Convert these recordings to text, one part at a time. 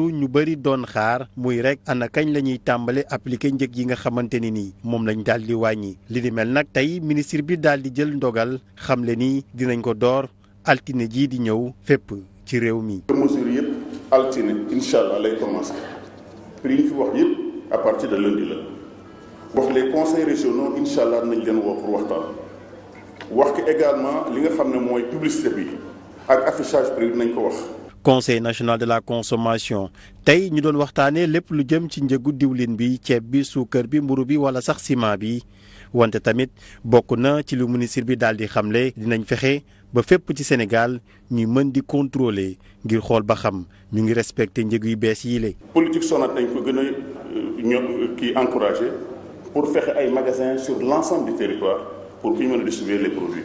surtout ñu bëri doon xaar muy rek ana kañ la ñuy tàmbale appliqué njëg yi nga xamante ni nii moom lañ daal di wàññi li di mel nag tey ministre bi daal di jël ndogal xam le ni dinañ ko door altine ji di ñëw fépp ci réew mi. mesures yëpp altine incha lay commencé prix yi fi wax yëpp à partir de lundi la wax les conseils régionaux incha allah nañ leen woo pour waxtaan wax ki également li nga xam ne mooy publicité bi ak affichage prix bi nañ ko wax. conseil national de la consommation tey ñu doon waxtaanee lépp lu jëm ci njëgu diwlin bi ceeb bi suukar bi mburu bi wala sax ciment bi wante tamit bokk na ci lu ministre bi daal di xamle dinañ fexe ba fépp ci Sénégal ñuy mën di contrôler ngir xool ba xam ñu ngi respecté njëg yu bees yi lé politique Sonac dañ ko gën a euh, ño kii pour fexe ay magasin sur l'ensemble du territoire pour que mën a distribuer les produits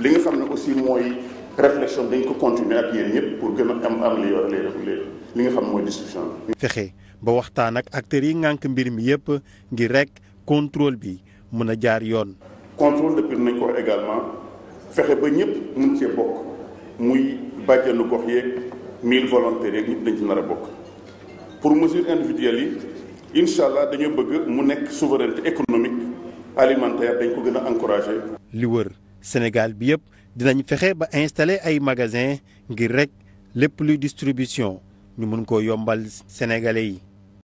li nga xam ne aussi mooy réflexion dañ ko continuer ak yéen ñëpp pour gën a am am li yor li nga xam mooy discussion bi. fexe ba waxtaan ak acteurs yi ngànk mbir mi yëpp ngi rek contrôle bi mën a jaar yoon. contrôle depuis nañ ko également fexe ba ñëpp mun cee bokk muy bàjjenu gox yeeg mille volontaires yeeg ñëpp dañ ci nar a bokk pour mesure individuelle yi incha allah dañoo bëgg mu nekk souveraineté économique alimentaire dañ ko gën a encourager. li wër Sénégal bi yëpp. dinañu fexe ba installer ay magasin ngir rek lépp luy distribution ñu mën ko yombal sénégalais yi